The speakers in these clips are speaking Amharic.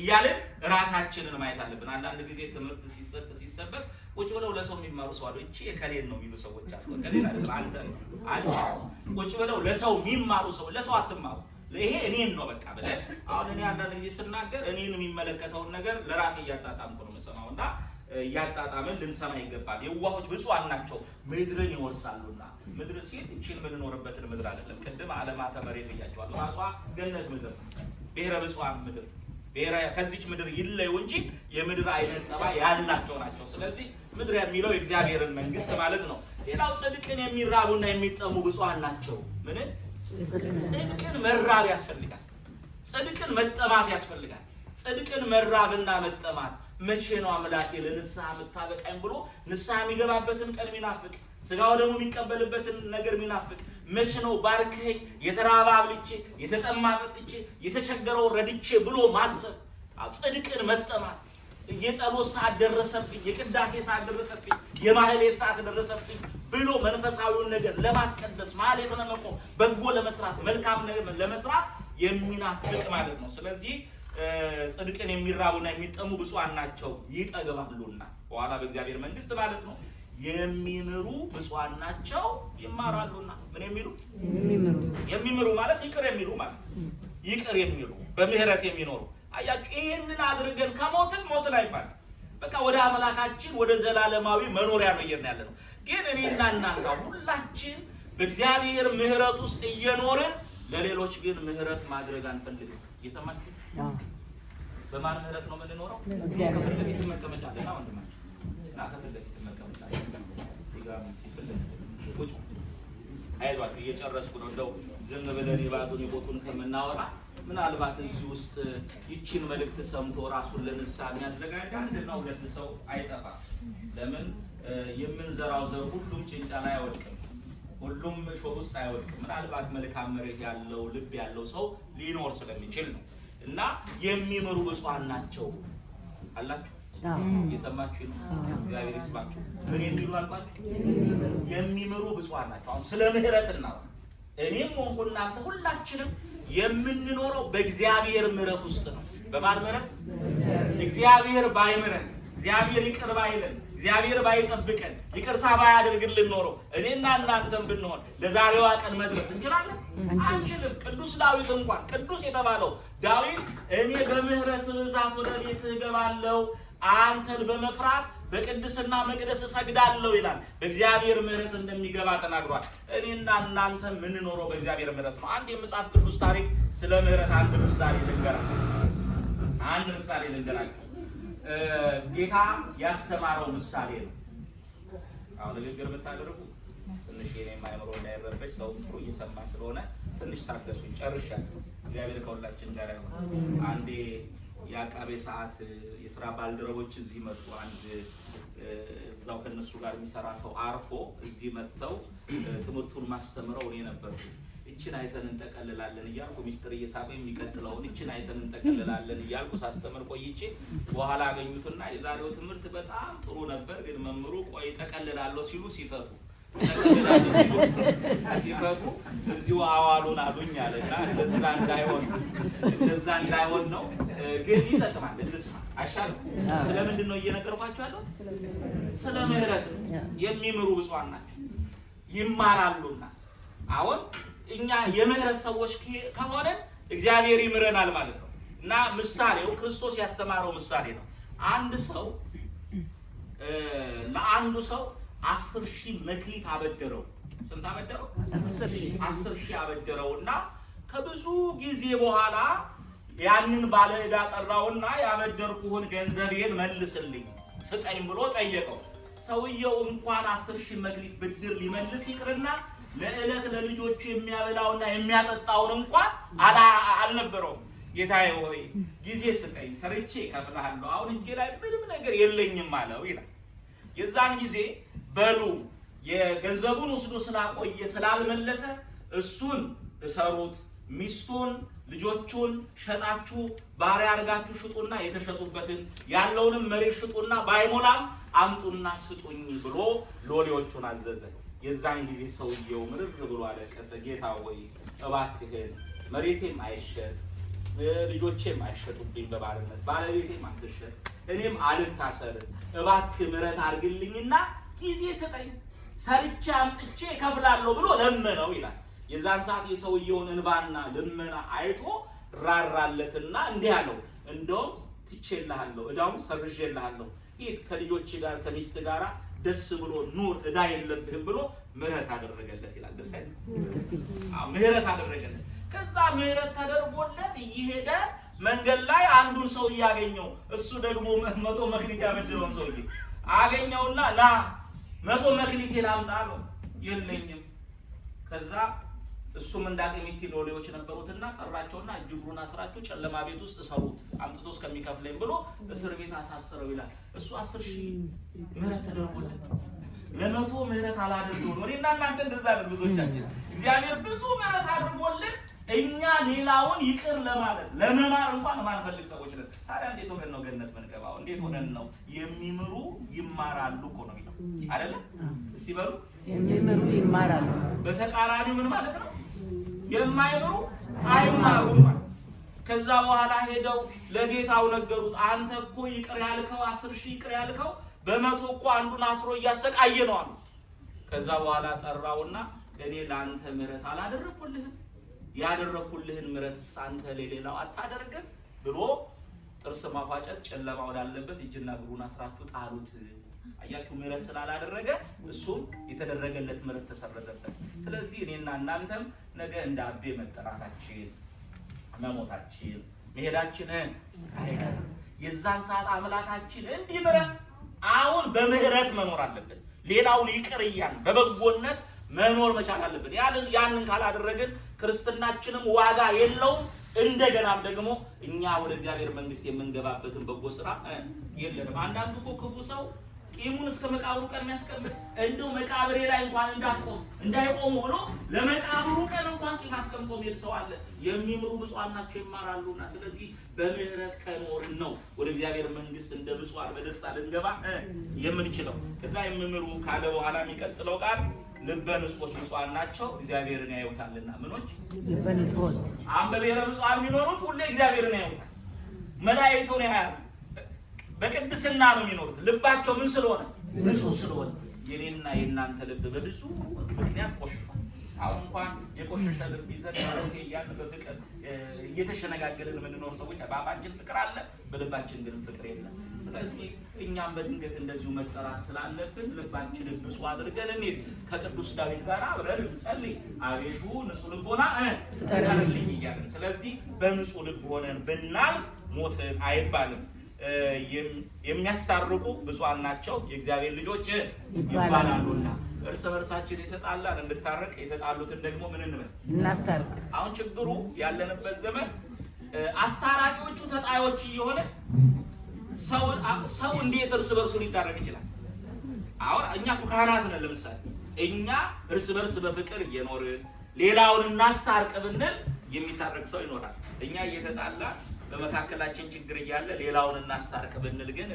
እያልን ራሳችንን ማየት አለብን። አንዳንድ ጊዜ ትምህርት ሲሰጥ ሲሰበክ ቁጭ ብለው ለሰው የሚማሩ ሰው አሉ። እቺ የከሌን ነው የሚሉ ሰዎች አሉ። ከሌን አይደለም አንተ አንተ ቁጭ ብለው ለሰው የሚማሩ ሰው ለሰው አትማሩ። ይሄ እኔን ነው በቃ ብለህ አሁን እኔ አንዳንድ ጊዜ ስናገር እኔን የሚመለከተውን ነገር ለራሴ እያጣጣምኩ ነው የምሰማው እና እያጣጣምን ልንሰማ ይገባል። የዋሆች ብፁዓን ናቸው ምድርን ይወርሳሉና። ምድር ሲል እችን የምንኖርበትን ምድር አይደለም። ቅድም አለማተ መሬት እያቸዋል ራሷ ገነት ምድር ብሔረ ብፁዓን ምድር ብሔራዊ ከዚች ምድር ይለዩ እንጂ የምድር አይነት ጠባይ ያላቸው ናቸው። ስለዚህ ምድር የሚለው የእግዚአብሔርን መንግስት ማለት ነው። ሌላው ጽድቅን የሚራቡና የሚጠሙ ብፁዓን ናቸው። ምን ጽድቅን መራብ ያስፈልጋል። ጽድቅን መጠማት ያስፈልጋል። ጽድቅን መራብና መጠማት መቼ ነው አምላኬ ለንስሐ የምታበቃኝ ብሎ ንስሐ የሚገባበትን ቀን ሚናፍቅ፣ ስጋው ደግሞ የሚቀበልበትን ነገር ሚናፍቅ መቼ ነው ባርከኝ የተራበ አብልቼ የተጠማ ጠጥቼ የተቸገረው ረድቼ ብሎ ማሰብ ጽድቅን መጠማት የጸሎት ሰዓት ደረሰብኝ፣ የቅዳሴ ሰዓት ደረሰብኝ፣ የማህሌት ሰዓት ደረሰብኝ ብሎ መንፈሳዊውን ነገር ለማስቀደስ ማለት ነው። በጎ ለመስራት መልካም ለመስራት የሚናፍቅ ማለት ነው። ስለዚህ ጽድቅን የሚራቡና የሚጠሙ ብፁዓን ናቸው ይጠግባሉና፣ በኋላ በእግዚአብሔር መንግስት ማለት ነው። የሚምሩ ብፁዓን ናቸው ይማራሉና። ምን የሚሉ የሚምሩ ማለት ይቅር የሚሉ ማለት ይቅር የሚሉ በምህረት የሚኖሩ አያችሁ። ይህንን አድርገን ከሞትን ሞትን አይባል በቃ ወደ አምላካችን ወደ ዘላለማዊ መኖሪያ ነው እየሄድን ያለ ነው። ግን እኔና እናንተ ሁላችን በእግዚአብሔር ምህረት ውስጥ እየኖርን ለሌሎች ግን ምህረት ማድረግ አንፈልግም። እየሰማችሁ በማን ምህረት ነው የምንኖረው? ከፊት ለፊት መቀመጫ ለና ወንድማችን እና ከፊት ለፊት መቀመጥ አይዟችሁ፣ እየጨረስኩ ነው። እንደው ዝም ብለን የባጡን የቦጡን ከምናወራ ምናልባት እዚህ ውስጥ ይቺን መልእክት ሰምቶ ራሱን ለንስሐ የሚያዘጋጅ አንድና ሁለት ሰው አይጠፋም። ለምን የምንዘራው ዘር ሁሉም ጭንጫ ላይ አይወድቅም፣ ሁሉም እሾህ ውስጥ አይወድቅም። ምናልባት መልካም መሬት ያለው ልብ ያለው ሰው ሊኖር ስለሚችል ነው እና የሚምሩ እጽዋን ናቸው አላችሁ እየሰማችሁ እግዚአብሔር ይስማችሁ። ምን የሚሉ አልኳችሁ? የሚምሩ ብፁዓን ናቸው። አሁን ስለ ምህረት እና እኔም ሆንኩ እናንተ ሁላችንም የምንኖረው በእግዚአብሔር ምህረት ውስጥ ነው። በማን ምህረት? እግዚአብሔር ባይምረን፣ እግዚአብሔር ይቅር ባይለን፣ እግዚአብሔር ባይጠብቀን፣ ይቅርታ ባያደርግልን ኖሮ እኔና እናንተም ብንሆን ለዛሬዋ ቀን መድረስ እንችላለን? አንችልም። ቅዱስ ዳዊት እንኳን ቅዱስ የተባለው ዳዊት እኔ በምህረት ብዛት ወደ ቤት እገባለሁ አንተን በመፍራት በቅድስና መቅደስ እሰግዳለሁ ይላል። በእግዚአብሔር ምሕረት እንደሚገባ ተናግሯል። እኔና እናንተ የምንኖረው በእግዚአብሔር ምሕረት ነው። አንድ የመጽሐፍ ቅዱስ ታሪክ ስለ ምሕረት አንድ ምሳሌ ልንገራ አንድ ምሳሌ ልንገራችሁ። ጌታ ያስተማረው ምሳሌ ነው። አሁን ንግግር የምታደርጉ ትንሽ የኔ ማይምሮ እንዳይረበች ሰው ጥሩ እየሰማ ስለሆነ ትንሽ ታገሱኝ። ጨርሻለሁ። እግዚአብሔር ከሁላችን ጋር ይሆን። አንዴ የአቃቤ ሰዓት የስራ ባልደረቦች እዚህ መጡ። አንድ እዛው ከነሱ ጋር የሚሰራ ሰው አርፎ እዚህ መጥተው ትምህርቱን ማስተምረው እኔ ነበርኩ። እችን አይተን እንጠቀልላለን እያልኩ ሚስጥር እየሳበ የሚቀጥለውን እችን አይተን እንጠቀልላለን እያልኩ ሳስተምር ቆይቼ በኋላ አገኙትና የዛሬው ትምህርት በጣም ጥሩ ነበር፣ ግን መምሩ ቆይ ጠቀልላለሁ ሲሉ ሲፈቱ ሲፈቱ እዚሁ አዋሉን አሉኝ አለ። እንደዛ እንዳይሆን እንደዛ እንዳይሆን ነው ግን ይጠቅማል። እንድስ አሻል ስለምንድን ነው እየነገርኳቸው ያለው? ስለ ምህረት የሚምሩ ብፁዓን ናቸው ይማራሉና። አሁን እኛ የምህረት ሰዎች ከሆነ እግዚአብሔር ይምረናል ማለት ነው። እና ምሳሌው ክርስቶስ ያስተማረው ምሳሌ ነው። አንድ ሰው ለአንዱ ሰው አስር ሺህ መክሊት አበደረው። ስንት አበደረው? አስር ሺህ አበደረው እና ከብዙ ጊዜ በኋላ ያንን ባለ ዕዳ ጠራውና ያበደርኩህን ገንዘቤን መልስልኝ ስጠኝ ብሎ ጠየቀው። ሰውየው እንኳን አስር ሺህ መክሊት ብድር ሊመልስ ይቅርና ለዕለት ለልጆቹ የሚያበላውና የሚያጠጣውን እንኳን አልነበረውም። ጌታዬ ሆይ ጊዜ ስጠኝ፣ ሰርቼ እከፍልሃለሁ። አሁን እጄ ላይ ምንም ነገር የለኝም አለው ይላል። የዛን ጊዜ በሉ የገንዘቡን ወስዶ ስላቆየ ስላልመለሰ እሱን እሰሩት፣ ሚስቱን ልጆቹን ሸጣችሁ ባሪያ አርጋችሁ ሽጡና የተሸጡበትን ያለውንም መሬት ሽጡና ባይሞላም አምጡና ስጡኝ ብሎ ሎሌዎቹን አዘዘ። የዛን ጊዜ ሰውየው ምርር ብሎ አለቀሰ። ጌታ ሆይ እባክህን መሬቴም አይሸጥ፣ ልጆቼም አይሸጡብኝ በባርነት፣ ባለቤቴም አትሸጥ፣ እኔም አልታሰር፣ እባክህ ምረት አድርግልኝና ጊዜ ስጠኝ፣ ሰርቼ አምጥቼ እከፍላለሁ ብሎ ለመነው ይላል። የዛን ሰዓት የሰውየውን እንባና ልመና አይቶ ራራለትና እንዲህ አለው፣ እንደውም ትቼልሃለሁ፣ እዳውን ሰርዤልሃለሁ፣ ሂድ ከልጆች ጋር ከሚስት ጋር ደስ ብሎ ኑር፣ እዳ የለብህም ብሎ ምህረት አደረገለት ይላል። ደስ አይልም? ምህረት አደረገለት። ከዛ ምህረት ተደርጎለት እየሄደ መንገድ ላይ አንዱን ሰው እያገኘው እሱ ደግሞ መቶ መክሊት ያበድረውን ሰውዬ አገኘውና ና መቶ መክሊቴን አምጣ ነው የለኝም። ከዛ እሱም እንዳቅሚቲ ሎሌዎች ነበሩትና ጠራቸውና እጅግሩን አስራችሁ ጨለማ ቤት ውስጥ ሰሩት አምጥቶ እስከሚከፍለኝ ብሎ እስር ቤት አሳስረው ይላል። እሱ አስር ሺህ ምህረት ተደርጎለት ለመቶ ምህረት አላደርገው ነው። እኔና እናንተ እንደዛ አይደል? ብዙዎቻችን እግዚአብሔር ብዙ ምህረት አድርጎልን እኛ ሌላውን ይቅር ለማለት ለመማር እንኳን ማንፈልግ ሰዎች ነን። ታዲያ እንዴት ሆነን ነው ገነት ምንገባው? እንዴት ሆነን ነው የሚምሩ ይማራሉ እኮ ነው የሚለው አይደለ? እስቲ በሉ የሚምሩ ይማራሉ። በተቃራኒው ምን ማለት ነው? የማይምሩ አይማሩም። ከዛ በኋላ ሄደው ለጌታው ነገሩት። አንተ እኮ ይቅር ያልከው አስር ሺህ ይቅር ያልከው በመቶ እኮ አንዱን አስሮ እያሰቃየ ነው አሉ። ከዛ በኋላ ጠራውና እኔ ለአንተ ምሕረት አላደረኩልህም ያደረኩልህን ምሕረትስ አንተ ለሌላው አታደርግም ብሎ ጥርስ ማፋጨት ጨለማ ወዳለበት እጅና እግሩን አስራችሁ ጣሉት። አያችሁ፣ ምሕረት ስላላደረገ እሱም የተደረገለት ምሕረት ተሰረዘበት። ስለዚህ እኔና እናንተም ነገ እንደ አቤ መጠራታችን፣ መሞታችን፣ መሄዳችንን አይቀርም። የዛን ሰዓት አምላካችን እንዲምረን አሁን በምህረት መኖር አለብን። ሌላውን ይቅር በበጎነት መኖር መቻል አለብን። ያንን ያንን ካላደረግን ክርስትናችንም ዋጋ የለውም። እንደገናም ደግሞ እኛ ወደ እግዚአብሔር መንግስት የምንገባበትን በጎ ስራ የለንም። አንዳንዱ እኮ ክፉ ሰው ቂሙን እስከ መቃብሩ ቀን የሚያስቀምጥ እንደው መቃብሬ ላይ እንኳን እንዳትቆም እንዳይቆሙ ሆኖ ለመቃብሩ ቀን እንኳን ቂም አስቀምጦ የሚል ሰው አለ። የሚምሩ ብፁዓን ናቸው ይማራሉና። ስለዚህ በምህረት ከኖርን ነው ወደ እግዚአብሔር መንግስት እንደ ብፁዓን በደስታ ልንገባ የምንችለው። ከዛ የምምሩ ካለ በኋላ የሚቀጥለው ቃል ልበ ንጹሖች ብፁዓን ናቸው እግዚአብሔርን ያዩታልና። ምኖች ልበ ንጹሖች አንበቤረ ብፁዓን የሚኖሩት ሁሌ እግዚአብሔርን ያዩታል፣ መላእክቱን ያያሉ ቅድስና ነው የሚኖሩት። ልባቸው ምን ስለሆነ ንጹህ ስለሆነ። የኔና የእናንተ ልብ በብዙ ምክንያት ቆሽሿል። አሁን እንኳን የቆሸሸ ልብ ይዘን ማለት እያልን በፍቅር እየተሸነጋገርን የምንኖር ሰዎች በአፋችን ፍቅር አለ፣ በልባችን ግን ፍቅር የለም። ስለዚህ እኛም በድንገት እንደዚሁ መጠራት ስላለብን ልባችንን ንጹህ አድርገን እንሂድ። ከቅዱስ ዳዊት ጋር አብረን እንጸልይ። አቤቱ ንጹህ ልቦና ፍጠርልኝ እያለን ስለዚህ በንጹህ ልብ ሆነን ብናልፍ ሞትን አይባልም። የሚያስታርቁ ብፁዓን ናቸው የእግዚአብሔር ልጆች ይባላሉና። እርስ በርሳችን የተጣላን እንድታረቅ የተጣሉትን ደግሞ ምን እንበል እናስታርቅ። አሁን ችግሩ ያለንበት ዘመን አስታራቂዎቹ ተጣዮች እየሆነ ሰው እንዴት እርስ በርሱ ሊታረቅ ይችላል? አሁን እኛ እኮ ካህናት ነን። ለምሳሌ እኛ እርስ በርስ በፍቅር እየኖርን ሌላውን እናስታርቅ ብንል የሚታረቅ ሰው ይኖራል። እኛ እየተጣላ በመካከላችን ችግር እያለ ሌላውን እናስታርቅ ብንል ግን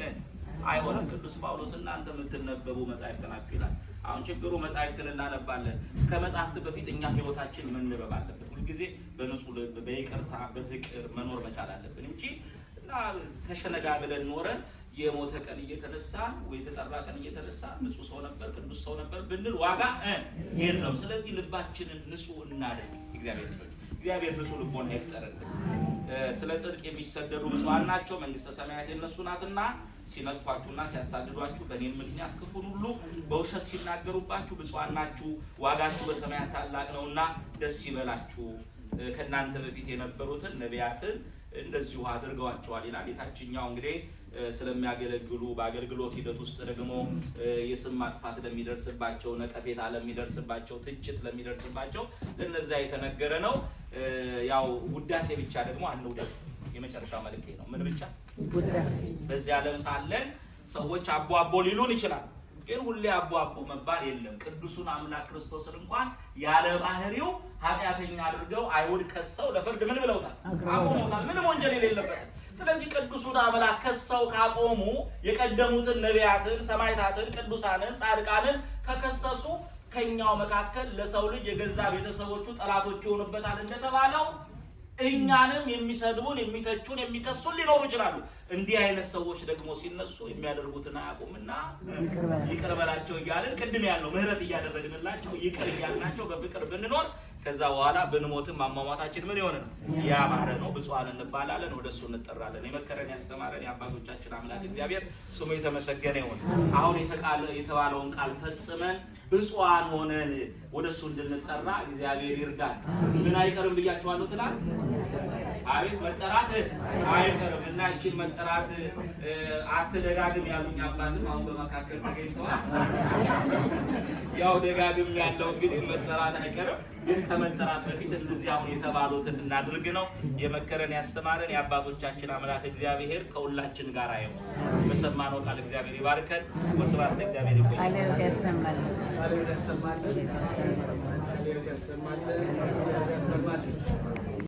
አይሆንም። ቅዱስ ጳውሎስ እናንተ የምትነበቡ መጻሕፍት ናችሁ ይላል። አሁን ችግሩ መጻሕፍትን እናነባለን። ከመጻሕፍት በፊት እኛ ህይወታችን መንበብ አለበት። ሁልጊዜ በንጹህ ልብ፣ በይቅርታ፣ በፍቅር መኖር መቻል አለብን እንጂ እና ተሸነጋ ብለን ኖረን የሞተ ቀን እየተነሳ ወይ የተጠራ ቀን እየተነሳ ንጹህ ሰው ነበር ቅዱስ ሰው ነበር ብንል ዋጋ የለውም። ስለዚህ ልባችንን ንጹህ እናደርግ። እግዚአብሔር ልጆች፣ እግዚአብሔር ንጹህ ልቦና ይፍጠርልን። ስለ ጽድቅ የሚሰደዱ ብፁዓን ናቸው፣ መንግስተ ሰማያት የነሱ ናትና። ሲነቅፏችሁና ሲያሳድዷችሁ በእኔም ምክንያት ክፉን ሁሉ በውሸት ሲናገሩባችሁ ብፁዓን ናችሁ፣ ዋጋችሁ በሰማያት ታላቅ ነውና ደስ ይበላችሁ። ከእናንተ በፊት የነበሩትን ነቢያትን እንደዚሁ አድርገዋቸዋል ይላል። የታችኛው እንግዲህ ስለሚያገለግሉ በአገልግሎት ሂደት ውስጥ ደግሞ የስም ማጥፋት ለሚደርስባቸው፣ ነቀፌታ ለሚደርስባቸው፣ ትችት ለሚደርስባቸው ለነዛ የተነገረ ነው። ያው ውዳሴ ብቻ ደግሞ አንውደድ። የመጨረሻ መልእክቴ ነው። ምን ብቻ በዚህ ዓለም ሳለን ሰዎች አቦ አቦ ሊሉን ይችላል፣ ግን ሁሌ አቦ አቦ መባል የለም። ቅዱሱን አምላክ ክርስቶስን እንኳን ያለ ባህሪው ኃጢአተኛ አድርገው አይሁድ ከሰው ለፍርድ ምን ብለውታል? አቆመውታል። ምንም ወንጀል የሌለበት ስለዚህ ቅዱሱን አምላክ ከሰው ካቆሙ የቀደሙትን ነቢያትን፣ ሰማይታትን ቅዱሳንን፣ ጻድቃንን ከከሰሱ ከኛው መካከል ለሰው ልጅ የገዛ ቤተሰቦቹ ጠላቶች ይሆኑበታል እንደተባለው እኛንም የሚሰድቡን የሚተቹን የሚከሱን ሊኖሩ ይችላሉ። እንዲህ አይነት ሰዎች ደግሞ ሲነሱ የሚያደርጉትን አያውቁምና ይቅር በላቸው እያልን ቅድም ያለው ምህረት እያደረግንላቸው ይቅር እያልናቸው በፍቅር ብንኖር ከዛ በኋላ ብንሞትም አሟሟታችን ምን የሆነ ነው? ያማረ ነው። ብፁዓን እንባላለን፣ ወደ እሱ እንጠራለን። የመከረን ያስተማረን የአባቶቻችን አምላክ እግዚአብሔር ስሙ የተመሰገነ ይሁን። አሁን የተባለውን ቃል ፈጽመን ብፁዓን ሆነን ወደ እሱ እንድንጠራ እግዚአብሔር ይርዳል። ምን አይቀርም ብያችኋለሁ ትላል አቤት መጠራት አይቀርም እና ይህችን መጠራት አትደጋግም ያሉኝ አባትም አሁን በመካከል ተገኝተዋል። ያው ደጋግም ያለው እንግዲህ መጠራት አይቀርም፣ ግን ከመጠራት በፊት እንደዚህ አሁን የተባሉትን እናድርግ ነው። የመከረን ያስተማረን የአባቶቻችን አምላክ እግዚአብሔር ከሁላችን ጋር ይሁን። በሰማነው ቃል እግዚአብሔር ይባርከን። ወስብሐት ለእግዚአብሔር ይቆያል።